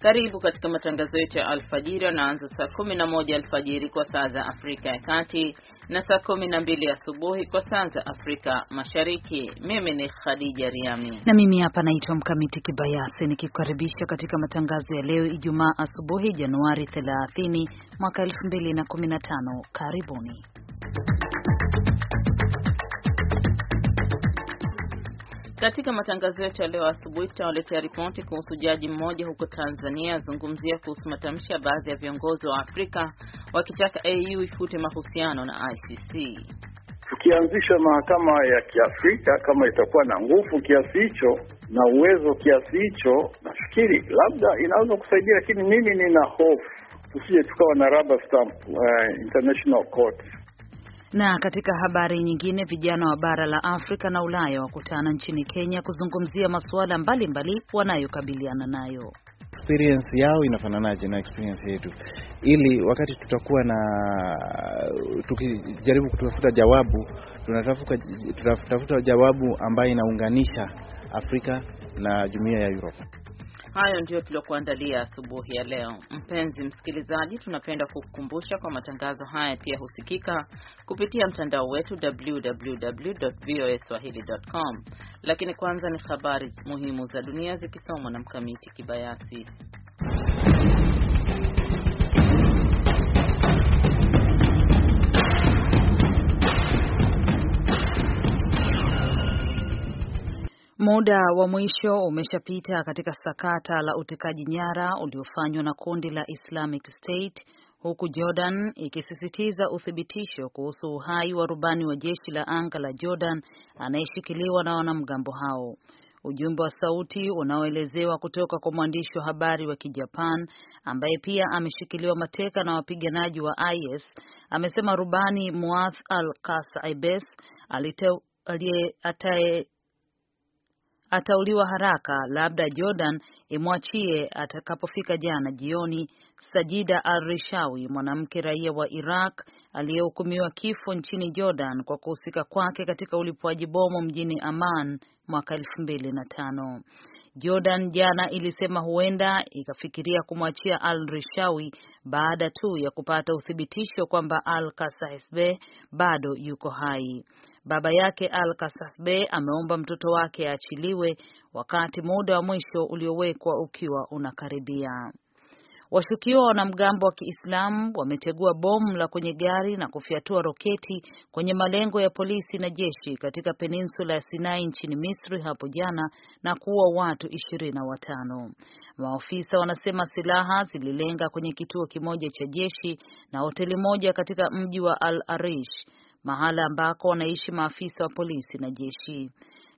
Karibu katika matangazo yetu ya alfajiri yanaanza saa moja alfajiri kwa saa za Afrika ya Kati na saa 12 asubuhi kwa saa za Afrika Mashariki. Mimi ni Khadija Riami na mimi hapa naitwa Mkamiti Kibayasi nikikukaribisha katika matangazo ya leo Ijumaa asubuhi Januari 30 mwaka 2015. Karibuni. Katika matangazo yetu ya leo asubuhi tutawaletea ripoti kuhusu jaji mmoja huko Tanzania azungumzia kuhusu matamshi ya baadhi ya viongozi wa Afrika wakitaka AU ifute mahusiano na ICC. Tukianzisha mahakama ya Kiafrika kama itakuwa na nguvu kiasi hicho na uwezo kiasi hicho, nafikiri labda inaweza kusaidia, lakini mimi nina hofu tusije tukawa na rubber stamp, uh, international court na katika habari nyingine, vijana wa bara la Afrika na Ulaya wakutana nchini Kenya kuzungumzia masuala mbalimbali wanayokabiliana nayo. Experience yao inafananaje na experience yetu, ili wakati tutakuwa na tukijaribu kutafuta jawabu, tunatafuta jawabu ambayo inaunganisha Afrika na jumuiya ya Europa. Hayo ndiyo tuliokuandalia asubuhi ya leo. Mpenzi msikilizaji, tunapenda kukukumbusha kwa matangazo haya pia husikika kupitia mtandao wetu www.voaswahili.com. Lakini kwanza ni habari muhimu za dunia zikisomwa na Mkamiti Kibayasi. Muda wa mwisho umeshapita katika sakata la utekaji nyara uliofanywa na kundi la Islamic State huku Jordan ikisisitiza uthibitisho kuhusu uhai wa rubani wa jeshi la anga la Jordan anayeshikiliwa na wanamgambo hao. Ujumbe wa sauti unaoelezewa kutoka kwa mwandishi wa habari wa Kijapan ambaye pia ameshikiliwa mateka na wapiganaji wa IS amesema rubani Muath al-Qasaibes aliye atauliwa haraka, labda Jordan imwachie atakapofika jana jioni. Sajida al-Rishawi, mwanamke raia wa Iraq aliyehukumiwa kifo nchini Jordan kwa kuhusika kwake katika ulipuaji bomu mjini Amman mwaka tano. Jordan jana ilisema huenda ikafikiria kumwachia al-Rishawi baada tu ya kupata uthibitisho kwamba al-Kassaesbe bado yuko hai. Baba yake Al Kasasbe ameomba mtoto wake aachiliwe wakati muda wa mwisho uliowekwa ukiwa unakaribia. Washukiwa wanamgambo wa Kiislamu wametegua bomu la kwenye gari na kufyatua roketi kwenye malengo ya polisi na jeshi katika peninsula ya Sinai nchini Misri hapo jana na kuua watu ishirini na watano. maofisa wanasema silaha zililenga kwenye kituo kimoja cha jeshi na hoteli moja katika mji wa Al Arish mahala ambako wanaishi maafisa wa polisi na jeshi.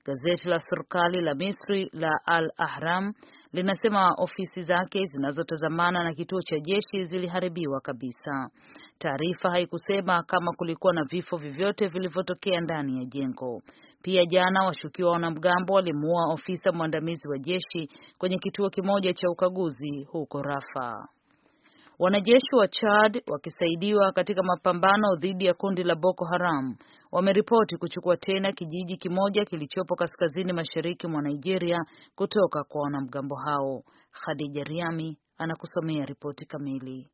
Gazeti la serikali la Misri la Al Ahram linasema ofisi zake zinazotazamana na kituo cha jeshi ziliharibiwa kabisa. Taarifa haikusema kama kulikuwa na vifo vyovyote vilivyotokea ndani ya jengo. Pia jana, washukiwa wanamgambo walimuua ofisa mwandamizi wa jeshi kwenye kituo kimoja cha ukaguzi huko Rafa. Wanajeshi wa Chad wakisaidiwa katika mapambano dhidi ya kundi la Boko Haram wameripoti kuchukua tena kijiji kimoja kilichopo kaskazini mashariki mwa Nigeria kutoka kwa wanamgambo hao. Khadija Riami anakusomea ripoti kamili.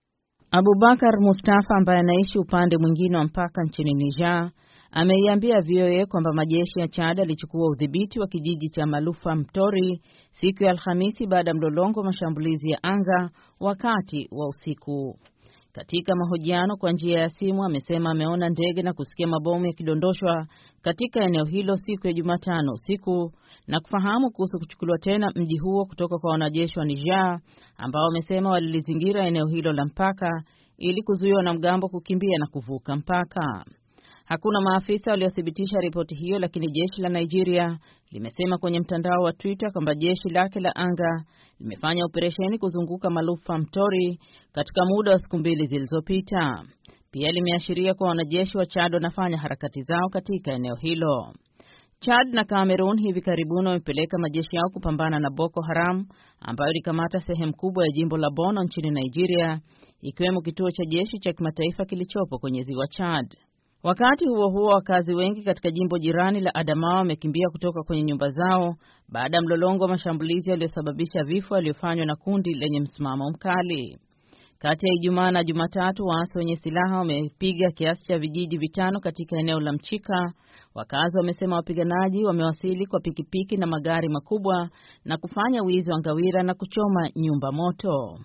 Abubakar Mustafa ambaye anaishi upande mwingine wa mpaka nchini Niger ameiambia VOA kwamba majeshi ya Chad alichukua udhibiti wa kijiji cha Malufa Mtori siku ya Alhamisi baada ya mlolongo wa mashambulizi ya anga wakati wa usiku. Katika mahojiano kwa njia ya simu amesema ameona ndege na kusikia mabomu yakidondoshwa katika eneo hilo siku ya Jumatano usiku na kufahamu kuhusu kuchukuliwa tena mji huo kutoka kwa wanajeshi wa Niger ambao wamesema walilizingira eneo hilo la mpaka ili kuzuia wanamgambo kukimbia na kuvuka mpaka. Hakuna maafisa waliothibitisha ripoti hiyo, lakini jeshi la Nigeria limesema kwenye mtandao wa Twitter kwamba jeshi lake la anga limefanya operesheni kuzunguka Malufa Mtori katika muda wa siku mbili zilizopita. Pia limeashiria kuwa wanajeshi wa Chad wanafanya harakati zao katika eneo hilo. Chad na Cameroon hivi karibuni wamepeleka majeshi yao kupambana na Boko Haram ambayo ilikamata sehemu kubwa ya jimbo la Borno nchini Nigeria, ikiwemo kituo cha jeshi cha kimataifa kilichopo kwenye ziwa Chad. Wakati huo huo, wakazi wengi katika jimbo jirani la Adamawa wamekimbia kutoka kwenye nyumba zao baada ya mlolongo wa mashambulizi yaliyosababisha vifo yaliyofanywa na kundi lenye msimamo mkali. Kati ya Ijumaa na Jumatatu, waasi wenye silaha wamepiga kiasi cha vijiji vitano katika eneo la Mchika. Wakazi wamesema wapiganaji wamewasili kwa pikipiki na magari makubwa na kufanya wizi wa ngawira na kuchoma nyumba moto.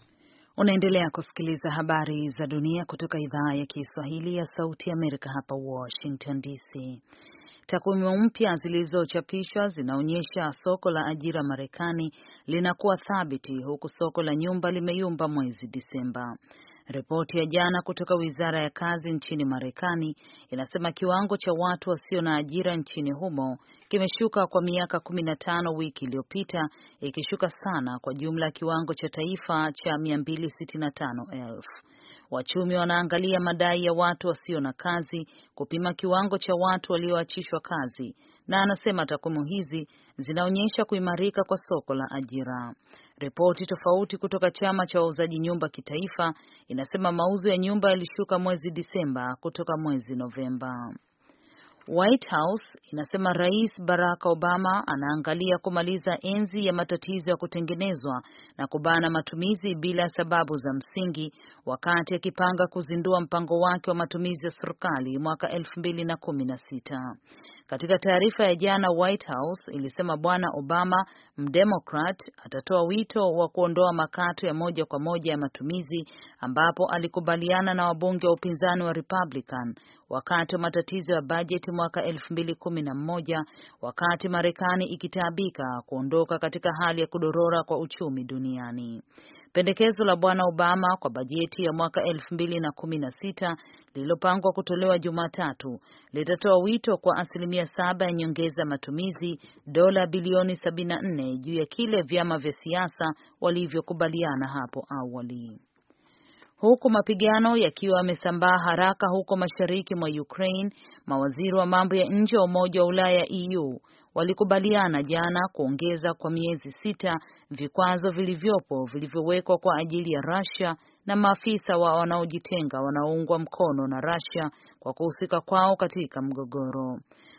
Unaendelea kusikiliza habari za dunia kutoka idhaa ya Kiswahili ya Sauti ya Amerika hapa Washington DC. Takwimu mpya zilizochapishwa zinaonyesha soko la ajira Marekani linakuwa thabiti huku soko la nyumba limeyumba mwezi Disemba. Ripoti ya jana kutoka wizara ya kazi nchini Marekani inasema kiwango cha watu wasio na ajira nchini humo kimeshuka kwa miaka 15 wiki iliyopita, ikishuka sana kwa jumla ya kiwango cha taifa cha 265,000. Wachumi wanaangalia madai ya watu wasio na kazi kupima kiwango cha watu walioachishwa kazi na anasema takwimu hizi zinaonyesha kuimarika kwa soko la ajira. Ripoti tofauti kutoka chama cha wauzaji nyumba kitaifa inasema mauzo ya nyumba yalishuka mwezi Disemba kutoka mwezi Novemba. White House inasema Rais Barack Obama anaangalia kumaliza enzi ya matatizo ya kutengenezwa na kubana matumizi bila sababu za msingi wakati akipanga kuzindua mpango wake wa matumizi ya serikali mwaka 2016. Katika taarifa ya jana, White House ilisema Bwana Obama, mdemokrat, atatoa wito wa kuondoa makato ya moja kwa moja ya matumizi ambapo alikubaliana na wabunge wa upinzani wa Republican wakati wa matatizo ya bajeti mwaka 2011 wakati Marekani ikitaabika kuondoka katika hali ya kudorora kwa uchumi duniani. Pendekezo la Bwana Obama kwa bajeti ya mwaka 2016 lililopangwa kutolewa Jumatatu litatoa wito kwa asilimia saba ya nyongeza matumizi dola bilioni nne juu ya kile vyama vya siasa walivyokubaliana hapo awali huku mapigano yakiwa yamesambaa haraka huko mashariki mwa Ukraine. Mawaziri wa mambo ya nje wa Umoja wa Ulaya EU walikubaliana jana kuongeza kwa miezi sita vikwazo vilivyopo vilivyowekwa kwa ajili ya Russia na maafisa wa wanaojitenga wanaoungwa mkono na Russia kwa kuhusika kwao katika mgogoro.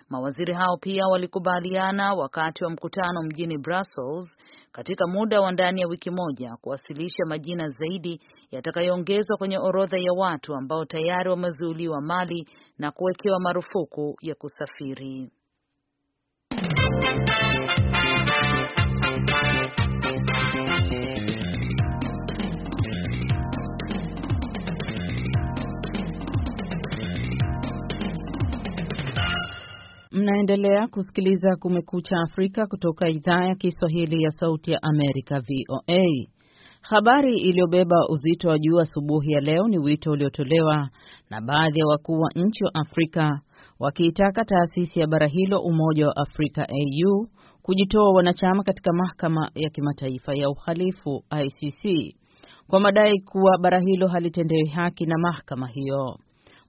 Mawaziri hao pia walikubaliana wakati wa mkutano mjini Brussels katika muda wa ndani ya wiki moja kuwasilisha majina zaidi yatakayoongezwa kwenye orodha ya watu ambao tayari wamezuiliwa mali na kuwekewa marufuku ya kusafiri. Mnaendelea kusikiliza Kumekucha Afrika kutoka idhaa ya Kiswahili ya Sauti ya Amerika, VOA. Habari iliyobeba uzito wa juu asubuhi ya leo ni wito uliotolewa na baadhi ya wakuu wa nchi wa Afrika wakiitaka taasisi ya bara hilo, Umoja wa Afrika au kujitoa wanachama katika mahakama ya kimataifa ya uhalifu ICC kwa madai kuwa bara hilo halitendewi haki na mahakama hiyo.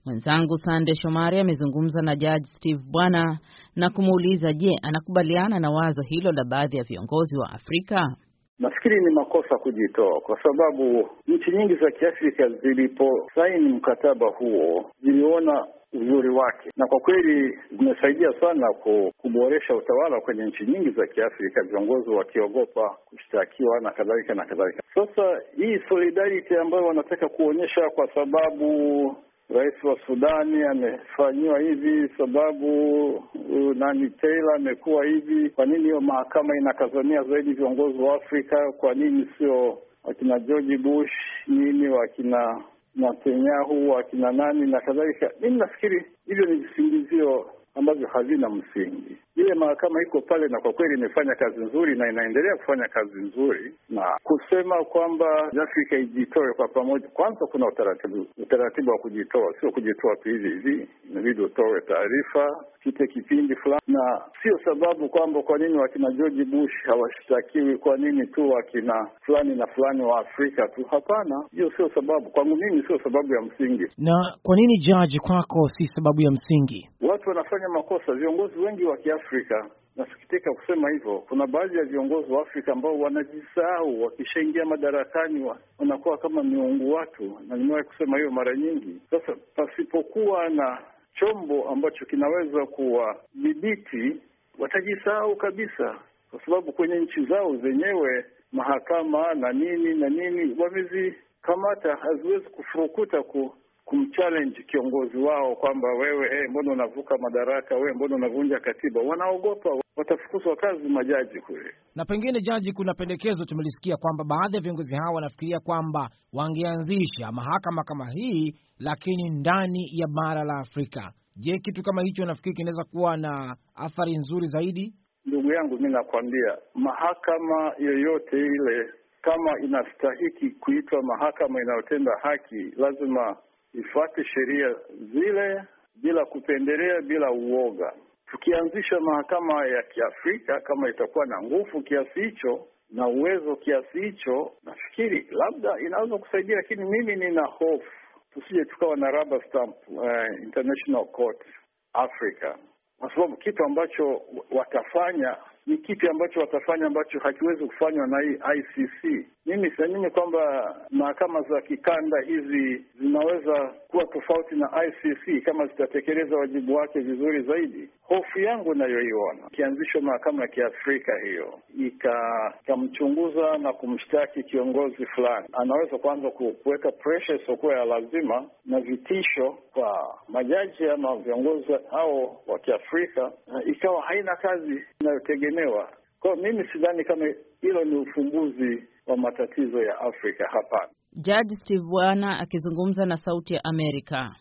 Mwenzangu Sande Shomari amezungumza na Jaji Steve Bwana na kumuuliza je, anakubaliana na wazo hilo la baadhi ya viongozi wa Afrika? Nafikiri ni makosa kujitoa, kwa sababu nchi nyingi za Kiafrika ziliposaini mkataba huo ziliona uzuri wake na kwa kweli zimesaidia sana kuboresha utawala kwenye nchi nyingi za Kiafrika, viongozi wakiogopa kushtakiwa na kadhalika na kadhalika. Sasa hii solidarity ambayo wanataka kuonyesha, kwa sababu Rais wa Sudani amefanyiwa hivi, sababu uh, nani Taylor amekuwa hivi. Kwa nini hiyo mahakama inakazania zaidi viongozi wa Afrika? Kwa nini sio wakina George Bush nini, wakina Netanyahu, wakina nani na kadhalika? Mimi nafikiri hivyo ni visingizio ambavyo havina msingi. Ile mahakama iko pale na kwa kweli imefanya kazi nzuri na inaendelea kufanya kazi nzuri, na kusema kwamba Afrika ijitoe kwa pamoja. Kwanza kuna utaratibu, utaratibu wa kujitoa, sio kujitoa tu hivi hivi, inabidi utoe taarifa pite kipindi fulani, na sio sababu kwamba kwa nini wakina George Bush hawashtakiwi, kwa nini tu wakina fulani na fulani wa Afrika tu? Hapana, hiyo sio sababu, kwangu mimi sio sababu ya msingi. Na kwa nini jaji, kwako si sababu ya msingi? Watu wanafanya makosa, viongozi wengi wa Afrika. Nasikitika kusema hivyo. Kuna baadhi ya viongozi wa Afrika ambao wanajisahau, wakishaingia madarakani wanakuwa kama miungu watu, na nimewahi kusema hiyo mara nyingi. Sasa pasipokuwa na chombo ambacho kinaweza kuwadhibiti, watajisahau kabisa, kwa sababu kwenye nchi zao zenyewe mahakama na nini na nini wamezikamata, haziwezi kufurukuta ku kumchallenge kiongozi wao kwamba wewe, hey, eh, mbona unavuka madaraka? Wewe mbona unavunja katiba? Wanaogopa watafukuzwa kazi majaji kule. Na pengine jaji, kuna pendekezo tumelisikia kwamba baadhi ya viongozi hao wanafikiria kwamba wangeanzisha mahakama kama hii, lakini ndani ya bara la Afrika. Je, kitu kama hicho nafikiri kinaweza kuwa na athari nzuri zaidi? Ndugu yangu, mi nakwambia mahakama yoyote ile kama inastahiki kuitwa mahakama inayotenda haki, lazima ifuate sheria zile bila kupendelea, bila uoga. Tukianzisha mahakama ya Kiafrika kama itakuwa na nguvu kiasi hicho na uwezo kiasi hicho, nafikiri labda inaweza kusaidia, lakini mimi nina hofu tusije tukawa na rubber stamp uh, International Court Africa, kwa sababu kitu ambacho watafanya ni kipi ambacho watafanya ambacho hakiwezi kufanywa na hii ICC. Mimi siamini kwamba mahakama za kikanda hizi zinaweza kuwa tofauti na ICC kama zitatekeleza wajibu wake vizuri zaidi. Hofu yangu inayoiona ikianzishwa mahakama ya kiafrika hiyo ikamchunguza ika na kumshtaki kiongozi fulani, anaweza kuanza kuweka presha isiokuwa ya lazima na vitisho kwa majaji ama viongozi hao wa Kiafrika, ikawa haina kazi inayotegemea kutegemewa. Kwa mimi sidhani kama hilo ni ufumbuzi wa matatizo ya Afrika, hapana. Jaji Steve Bwana akizungumza na Sauti ya Amerika.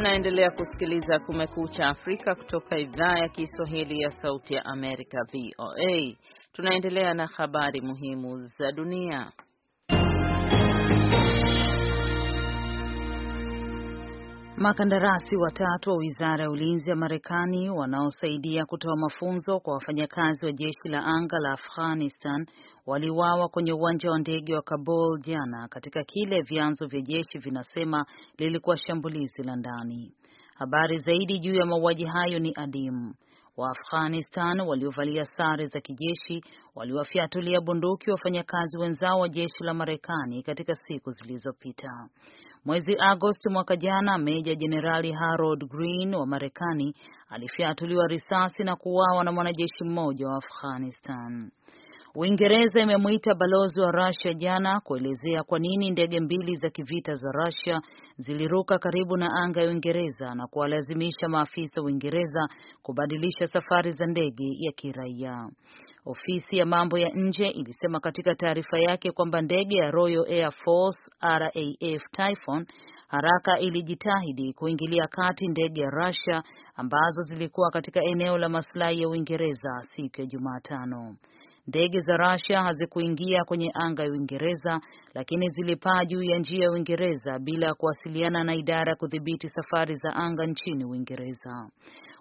Mnaendelea kusikiliza Kumekucha Afrika kutoka idhaa ya Kiswahili ya Sauti ya Amerika, VOA. Tunaendelea na habari muhimu za dunia. Makandarasi watatu wa wizara ya ulinzi ya Marekani wanaosaidia kutoa mafunzo kwa wafanyakazi wa jeshi la anga la Afghanistan waliuawa kwenye uwanja wa ndege wa Kabul jana katika kile vyanzo vya jeshi vinasema lilikuwa shambulizi la ndani. Habari zaidi juu ya mauaji hayo ni adimu. Waafghanistan waliovalia sare za kijeshi waliwafyatulia bunduki wafanyakazi wenzao wa jeshi la Marekani katika siku zilizopita. Mwezi Agosti mwaka jana, Meja Jenerali Harold Green wa Marekani alifyatuliwa risasi na kuuawa na mwanajeshi mmoja wa Afghanistan. Uingereza imemwita balozi wa Russia jana kuelezea kwa nini ndege mbili za kivita za Russia ziliruka karibu na anga ya Uingereza na kuwalazimisha maafisa wa Uingereza kubadilisha safari za ndege ya kiraia. Ofisi ya mambo ya nje ilisema katika taarifa yake kwamba ndege ya Royal Air Force RAF Typhoon haraka ilijitahidi kuingilia kati ndege ya Russia ambazo zilikuwa katika eneo la maslahi ya Uingereza siku ya Jumatano. Ndege za Russia hazikuingia kwenye anga ya Uingereza, lakini zilipaa juu ya njia ya Uingereza bila ya kuwasiliana na idara ya kudhibiti safari za anga nchini Uingereza.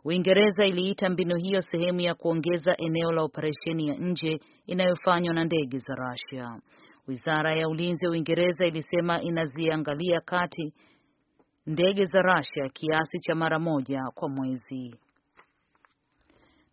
Uingereza iliita mbinu hiyo sehemu ya kuongeza eneo la operesheni ya nje inayofanywa na ndege za Russia. Wizara ya Ulinzi ya Uingereza ilisema inaziangalia kati ndege za Russia kiasi cha mara moja kwa mwezi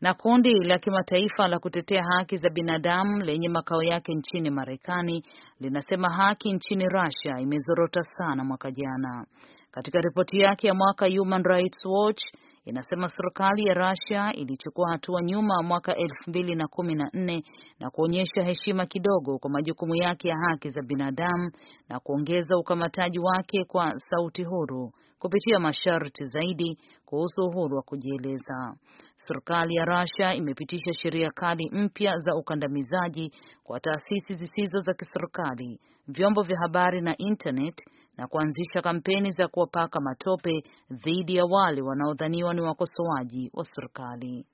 na kundi la kimataifa la kutetea haki za binadamu lenye makao yake nchini Marekani linasema haki nchini Russia imezorota sana mwaka jana. Katika ripoti yake ya mwaka, Human Rights Watch inasema serikali ya Russia ilichukua hatua nyuma mwaka 2014 na kuonyesha heshima kidogo kwa majukumu yake ya haki za binadamu na kuongeza ukamataji wake kwa sauti huru kupitia masharti zaidi kuhusu uhuru wa kujieleza. Serikali ya Russia imepitisha sheria kali mpya za ukandamizaji kwa taasisi zisizo za kiserikali, vyombo vya habari na internet na kuanzisha kampeni za kuwapaka matope dhidi ya wale wanaodhaniwa ni wakosoaji wa serikali.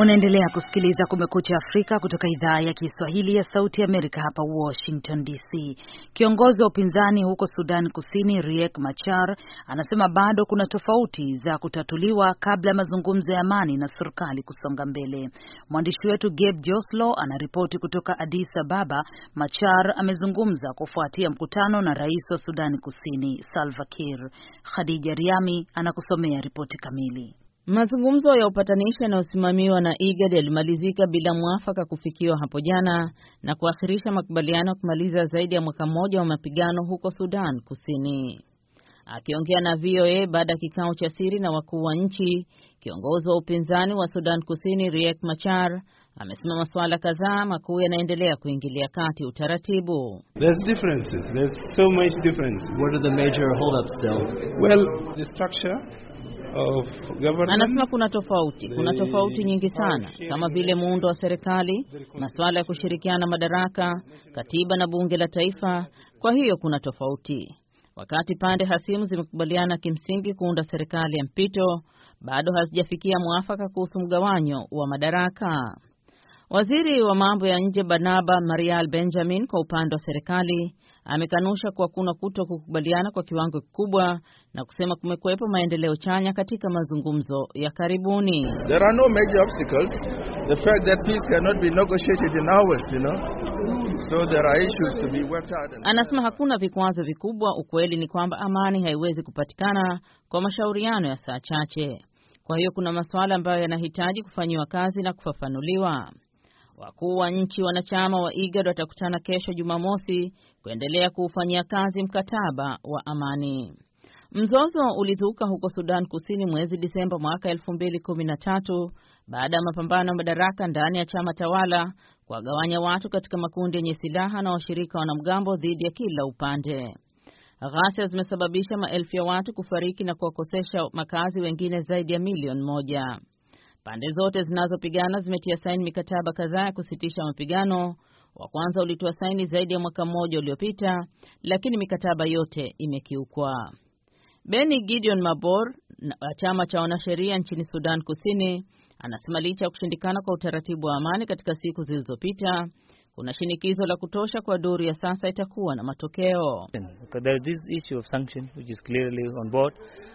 Unaendelea kusikiliza Kumekucha Afrika kutoka idhaa ya Kiswahili ya Sauti Amerika hapa Washington DC. Kiongozi wa upinzani huko Sudan Kusini Riek Machar anasema bado kuna tofauti za kutatuliwa kabla ya mazungumzo ya amani na serikali kusonga mbele. Mwandishi wetu Gabe Joslow anaripoti kutoka Addis Ababa. Machar amezungumza kufuatia mkutano na rais wa sudani Kusini Salva Kiir. Khadija Riami anakusomea ripoti kamili. Mazungumzo ya upatanishi yanayosimamiwa na IGAD yalimalizika bila mwafaka kufikiwa hapo jana na kuakhirisha makubaliano ya kumaliza zaidi ya mwaka mmoja wa mapigano huko Sudan Kusini. Akiongea na VOA baada ya kikao cha siri na wakuu wa nchi, kiongozi wa upinzani wa Sudan Kusini Riek Machar amesema masuala kadhaa makuu yanaendelea kuingilia kati utaratibu. There's differences. There's so much difference. What are the major hold-ups still? Well, the structure Anasema kuna tofauti, kuna tofauti nyingi sana, kama vile muundo wa serikali, masuala ya kushirikiana madaraka, katiba na bunge la taifa. Kwa hiyo kuna tofauti. Wakati pande hasimu zimekubaliana kimsingi kuunda serikali ya mpito, bado hazijafikia mwafaka kuhusu mgawanyo wa madaraka. Waziri wa mambo ya nje Barnaba Marial Benjamin kwa upande wa serikali Amekanusha kuwa kuna kuto kukubaliana kwa kiwango kikubwa na kusema kumekuwepo maendeleo chanya katika mazungumzo ya karibuni. There are no major obstacles. The fact that peace cannot be negotiated in hours, you know. So there are issues to be worked out. Anasema hakuna vikwazo vikubwa, ukweli ni kwamba amani haiwezi kupatikana kwa mashauriano ya saa chache. Kwa hiyo kuna masuala ambayo yanahitaji kufanyiwa kazi na kufafanuliwa. Wakuu wa nchi wanachama wa IGAD watakutana kesho Jumamosi kuendelea kuufanyia kazi mkataba wa amani. Mzozo ulizuka huko Sudan Kusini mwezi Disemba mwaka 2013 baada ya mapambano ya madaraka ndani ya chama tawala kuwagawanya watu katika makundi yenye silaha na washirika wanamgambo dhidi ya kila upande. Ghasia zimesababisha maelfu ya watu kufariki na kuwakosesha makazi wengine zaidi ya milioni moja. Pande zote zinazopigana zimetia saini mikataba kadhaa ya kusitisha mapigano. Wa kwanza ulitoa saini zaidi ya mwaka mmoja uliopita, lakini mikataba yote imekiukwa. Beni Gideon Mabor wa chama cha wanasheria nchini Sudan Kusini anasema licha ya kushindikana kwa utaratibu wa amani katika siku zilizopita kuna shinikizo la kutosha kwa duru ya sasa itakuwa na matokeo. There is this issue of sanction which is clearly on board.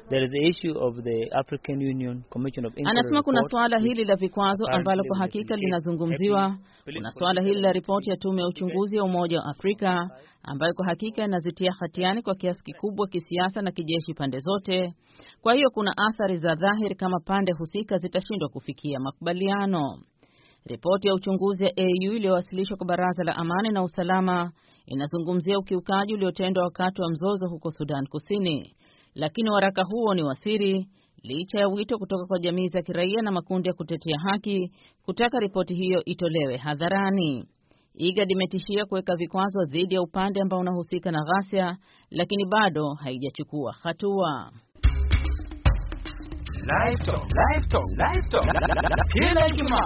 There is the issue of the African Union Commission of Inquiry. Anasema kuna suala hili la vikwazo ambalo kwa hakika linazungumziwa. Kuna suala hili la ripoti ya tume ya uchunguzi ya Umoja wa Afrika ambayo kwa hakika inazitia hatiani kwa kiasi kikubwa kisiasa na kijeshi pande zote. Kwa hiyo kuna athari za dhahiri kama pande husika zitashindwa kufikia makubaliano. Ripoti ya uchunguzi ya AU iliyowasilishwa kwa Baraza la Amani na Usalama inazungumzia ukiukaji uliotendwa wakati wa mzozo huko Sudan Kusini, lakini waraka huo ni wa siri licha ya wito kutoka kwa jamii za kiraia na makundi ya kutetea haki kutaka ripoti hiyo itolewe hadharani. IGAD imetishia kuweka vikwazo dhidi ya upande ambao unahusika na ghasia, lakini bado haijachukua hatua. Kila Ijumaa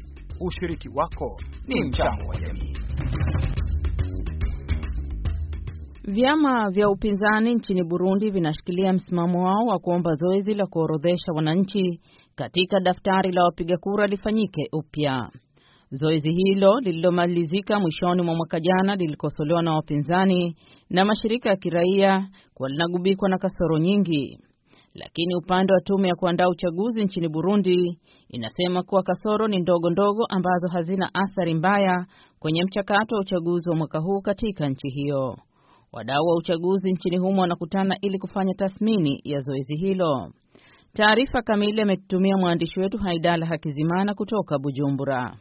Ushiriki wako ni mchango wa jamii. Vyama vya upinzani nchini Burundi vinashikilia msimamo wao wa kuomba zoezi la kuorodhesha wananchi katika daftari la wapiga kura lifanyike upya. Zoezi hilo lililomalizika mwishoni mwa mwaka jana lilikosolewa na wapinzani na mashirika ya kiraia kuwa linagubikwa na kasoro nyingi. Lakini upande wa tume ya kuandaa uchaguzi nchini Burundi inasema kuwa kasoro ni ndogo ndogo ambazo hazina athari mbaya kwenye mchakato wa uchaguzi wa mwaka huu katika nchi hiyo. Wadau wa uchaguzi nchini humo wanakutana ili kufanya tathmini ya zoezi hilo. Taarifa kamili ametutumia mwandishi wetu Haidala Hakizimana kutoka Bujumbura.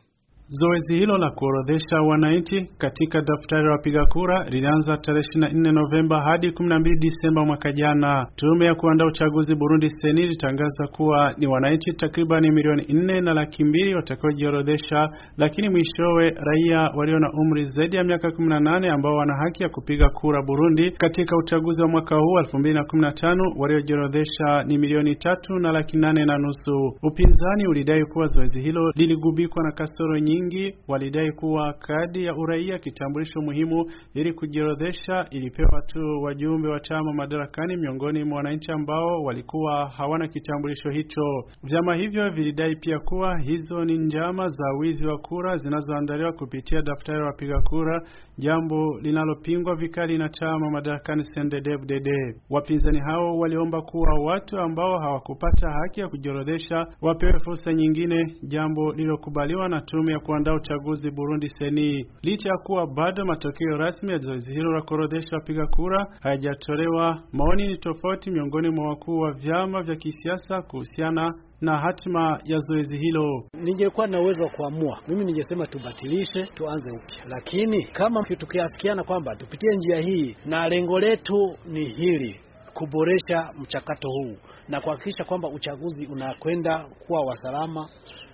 Zoezi hilo la kuorodhesha wananchi katika daftari la wapiga kura lilianza tarehe 24 Novemba hadi 12 Disemba mwaka jana. Tume ya kuandaa uchaguzi Burundi seni ilitangaza kuwa ni wananchi takribani milioni nne na laki mbili watakaojiorodhesha, lakini mwishowe raia walio na umri zaidi ya miaka 18 ambao wana haki ya kupiga kura Burundi katika uchaguzi wa mwaka huu 2015 waliojiorodhesha ni milioni tatu na laki nane na nusu. Upinzani ulidai kuwa zoezi hilo liligubikwa na kasoro nyingi Wengi walidai kuwa kadi ya uraia, kitambulisho muhimu ili kujiorodhesha, ilipewa tu wajumbe wa chama madarakani miongoni mwa wananchi ambao walikuwa hawana kitambulisho hicho. Vyama hivyo vilidai pia kuwa hizo ni njama za wizi wa kura zinazoandaliwa kupitia daftari la wapiga kura, jambo linalopingwa vikali na chama madarakani CNDD-FDD. Wapinzani hao waliomba kuwa watu ambao hawakupata haki ya kujiorodhesha wapewe fursa nyingine, jambo lililokubaliwa na tume ya kuandaa uchaguzi Burundi seni. Licha ya kuwa bado matokeo rasmi ya zoezi hilo la kuorodhesha wapiga kura hayajatolewa, maoni ni tofauti miongoni mwa wakuu wa vyama vya kisiasa kuhusiana na hatima ya zoezi hilo. Ningekuwa na uwezo wa kuamua, mimi ningesema tubatilishe, tuanze upya, lakini kama tukiafikiana kwamba tupitie njia hii na lengo letu ni hili kuboresha mchakato huu na kuhakikisha kwamba uchaguzi unakwenda kuwa wa salama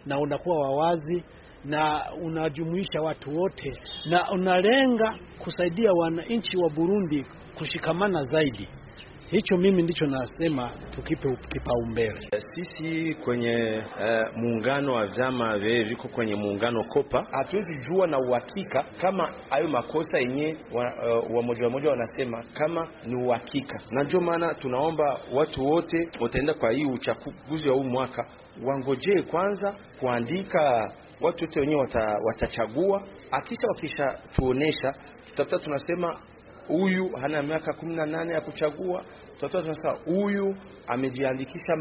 na unakuwa wa wazi na unajumuisha watu wote na unalenga kusaidia wananchi wa Burundi kushikamana zaidi. Hicho mimi ndicho nasema tukipe kipaumbele sisi kwenye uh, muungano wa vyama vye viko kwenye muungano Kopa. Hatuwezi jua na uhakika kama hayo makosa yenyewe eh, wamoja uh, wamoja wanasema kama ni uhakika, na ndio maana tunaomba watu wote wataenda kwa hii uchaguzi wa huu mwaka wangojee kwanza kuandika watu wote wenyewe wata, watachagua. Akisha wakishatuonesha, tutakuta tunasema huyu hana miaka 18 ya kuchagua, tutakuta tunasema huyu amejiandikisha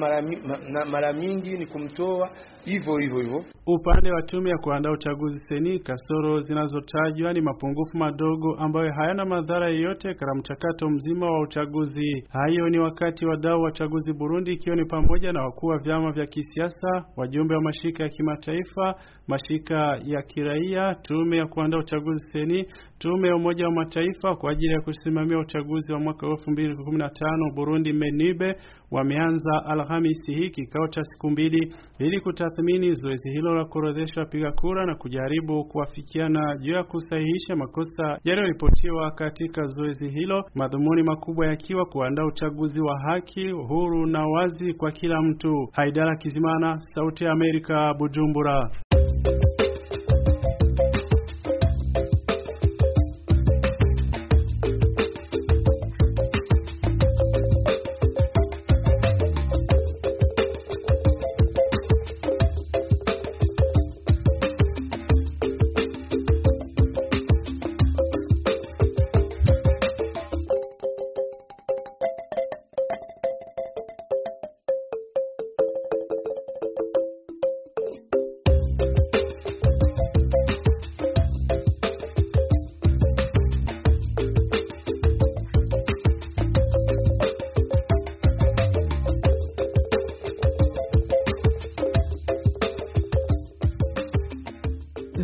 mara mingi, ni kumtoa hivyo hivyo hivyo. Upande wa tume ya kuandaa uchaguzi seni, kasoro zinazotajwa ni mapungufu madogo ambayo hayana madhara yoyote katika mchakato mzima wa uchaguzi. Hayo ni wakati wadau wa uchaguzi Burundi, ikiwa ni pamoja na wakuu wa vyama vya kisiasa, wajumbe wa mashirika ya kimataifa mashirika ya kiraia, tume ya kuandaa uchaguzi seni, tume ya Umoja wa Mataifa kwa ajili ya kusimamia uchaguzi wa mwaka 2015 Burundi Menibe wameanza Alhamisi hii kikao cha siku mbili ili kutathmini zoezi hilo la kuorodhesha wapiga kura na kujaribu kuafikiana juu ya kusahihisha makosa yaliyoripotiwa katika zoezi hilo, madhumuni makubwa yakiwa kuandaa uchaguzi wa haki, huru na wazi kwa kila mtu. Haidara Kizimana, Sauti ya Amerika, Bujumbura.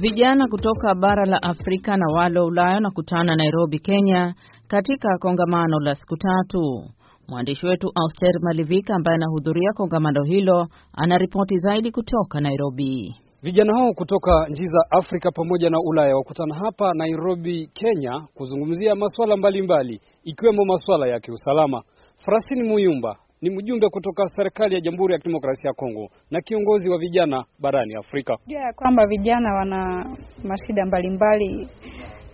Vijana kutoka bara la Afrika na wale wa Ulaya wanakutana Nairobi, Kenya katika kongamano la siku tatu. Mwandishi wetu Auster Malivika ambaye anahudhuria kongamano hilo ana ripoti zaidi kutoka Nairobi. Vijana hao kutoka nchi za Afrika pamoja na Ulaya wakutana hapa Nairobi, Kenya kuzungumzia masuala mbalimbali ikiwemo masuala ya kiusalama. Frasini Muyumba ni mjumbe kutoka serikali ya Jamhuri ya Kidemokrasia ya Kongo na kiongozi wa vijana barani Afrika. Yeah, kwamba vijana wana mashida mbalimbali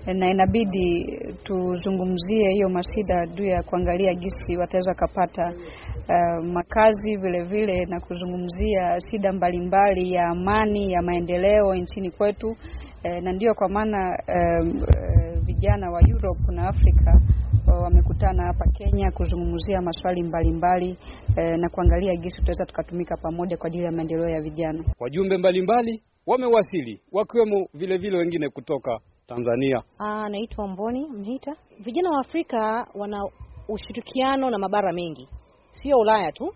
na inabidi tuzungumzie hiyo mashida juu ya kuangalia gisi wataweza kapata uh, eh, makazi vile vile na kuzungumzia shida mbalimbali ya amani ya maendeleo nchini kwetu uh, na ndio kwa maana uh, uh, vijana wa Europe na Afrika wamekutana hapa Kenya kuzungumzia maswali mbalimbali e, na kuangalia jinsi tutaweza tukatumika pamoja kwa ajili ya maendeleo ya vijana. Wajumbe mbalimbali wamewasili wakiwemo vilevile wengine kutoka Tanzania. Ah, naitwa Mboni Mhita. Vijana wa Afrika wana ushirikiano na mabara mengi, sio Ulaya tu.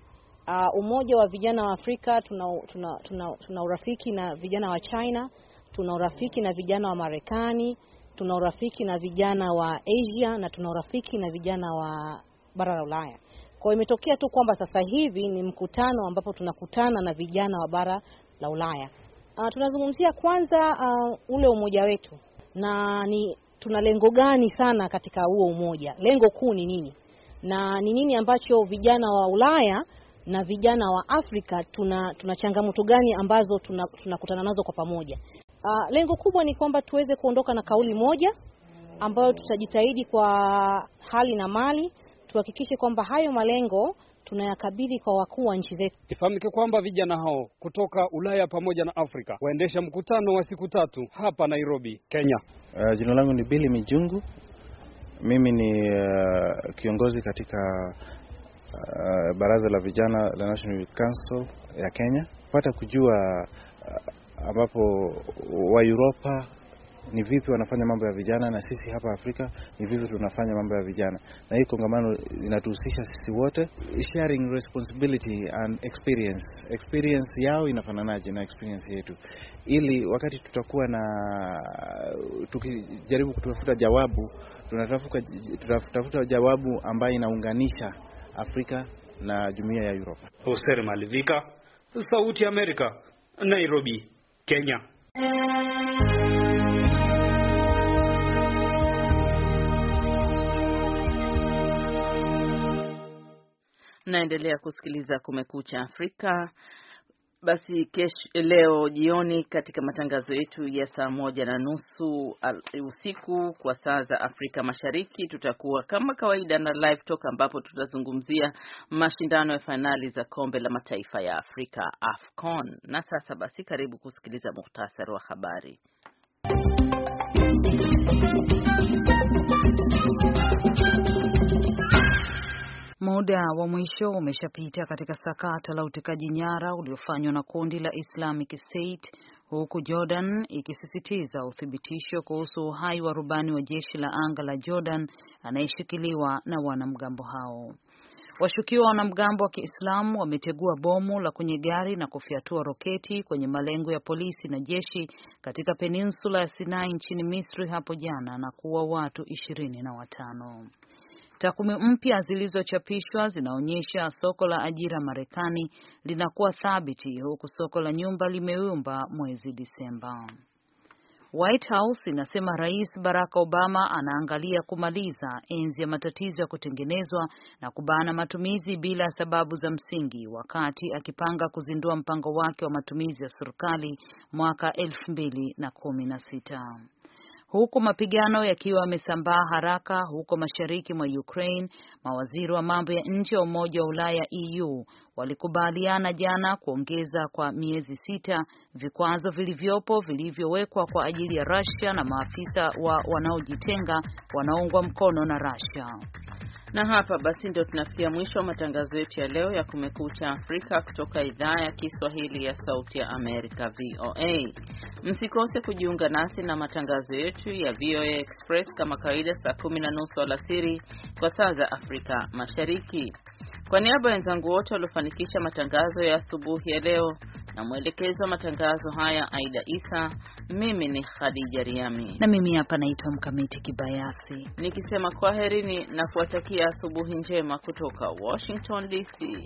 Uh, umoja wa vijana wa Afrika tuna, tuna, tuna, tuna urafiki na vijana wa China, tuna urafiki na vijana wa Marekani tuna urafiki na vijana wa Asia na tuna urafiki na vijana wa bara la Ulaya. Kwa hiyo imetokea tu kwamba sasa hivi ni mkutano ambapo tunakutana na vijana wa bara la Ulaya. Uh, tunazungumzia kwanza uh, ule umoja wetu na ni tuna lengo gani sana katika huo umoja, lengo kuu ni nini na ni nini ambacho vijana wa Ulaya na vijana wa Afrika tuna, tuna changamoto gani ambazo tunakutana tuna nazo kwa pamoja. Uh, lengo kubwa ni kwamba tuweze kuondoka na kauli moja ambayo tutajitahidi kwa hali na mali tuhakikishe kwamba hayo malengo tunayakabidhi kwa wakuu wa nchi zetu. Ifahamike kwamba vijana hao kutoka Ulaya pamoja na Afrika waendesha mkutano wa siku tatu hapa Nairobi, Kenya. Uh, jina langu ni Billy Mijungu. Mimi ni uh, kiongozi katika uh, baraza la vijana la National Youth Council ya Kenya. Pata kujua uh, ambapo Europa ni vipi wanafanya mambo ya vijana na sisi hapa Afrika ni vipi tunafanya mambo ya vijana, na hii kongamano inatuhusisha sisi wote, sharing responsibility and experience. Experience yao inafananaje na experience yetu, ili wakati tutakuwa na tukijaribu kutafuta jawabu, tunatafuta jawabu ambayo inaunganisha Afrika na jumuiya ya Europa. Hoser Malivika, Sauti ya Amerika, Nairobi. Kenya. Naendelea kusikiliza Kumekucha Afrika basi kesh, leo jioni katika matangazo yetu ya saa moja na nusu usiku kwa saa za Afrika Mashariki tutakuwa kama kawaida na live talk, ambapo tutazungumzia mashindano ya fainali za kombe la mataifa ya Afrika AFCON. Na sasa basi, karibu kusikiliza muhtasari wa habari. Muda wa mwisho umeshapita katika sakata la utekaji nyara uliofanywa na kundi la Islamic State huku Jordan ikisisitiza uthibitisho kuhusu uhai wa rubani wa jeshi la anga la Jordan anayeshikiliwa na wanamgambo hao. Washukiwa wanamgambo wa Kiislamu wametegua bomu la kwenye gari na kufyatua roketi kwenye malengo ya polisi na jeshi katika peninsula ya Sinai nchini Misri hapo jana na kuua watu ishirini na watano. Takwimu mpya zilizochapishwa zinaonyesha soko la ajira Marekani linakuwa thabiti huku soko la nyumba limeyumba mwezi Disemba. White House inasema Rais Barack Obama anaangalia kumaliza enzi ya matatizo ya kutengenezwa na kubana matumizi bila sababu za msingi wakati akipanga kuzindua mpango wake wa matumizi ya serikali mwaka 2016 huku mapigano yakiwa yamesambaa haraka huko mashariki mwa Ukraine. Mawaziri wa mambo ya nje wa Umoja wa Ulaya EU walikubaliana jana kuongeza kwa miezi sita vikwazo vilivyopo vilivyowekwa kwa ajili ya Russia na maafisa wa wanaojitenga wanaoungwa mkono na Russia. Na hapa basi ndio tunafikia mwisho wa matangazo yetu ya leo ya Kumekucha Afrika kutoka idhaa ya Kiswahili ya Sauti ya Amerika, VOA. Msikose kujiunga nasi na matangazo yetu ya VOA Express kama kawaida, saa kumi na nusu alasiri kwa saa za Afrika Mashariki. Kwa niaba ya wenzangu wote waliofanikisha matangazo ya asubuhi ya leo na mwelekezo wa matangazo haya Aida Isa, mimi ni Khadija Riami na mimi hapa naitwa Mkamiti Kibayasi, nikisema kwaherini na kuwatakia asubuhi njema kutoka Washington DC.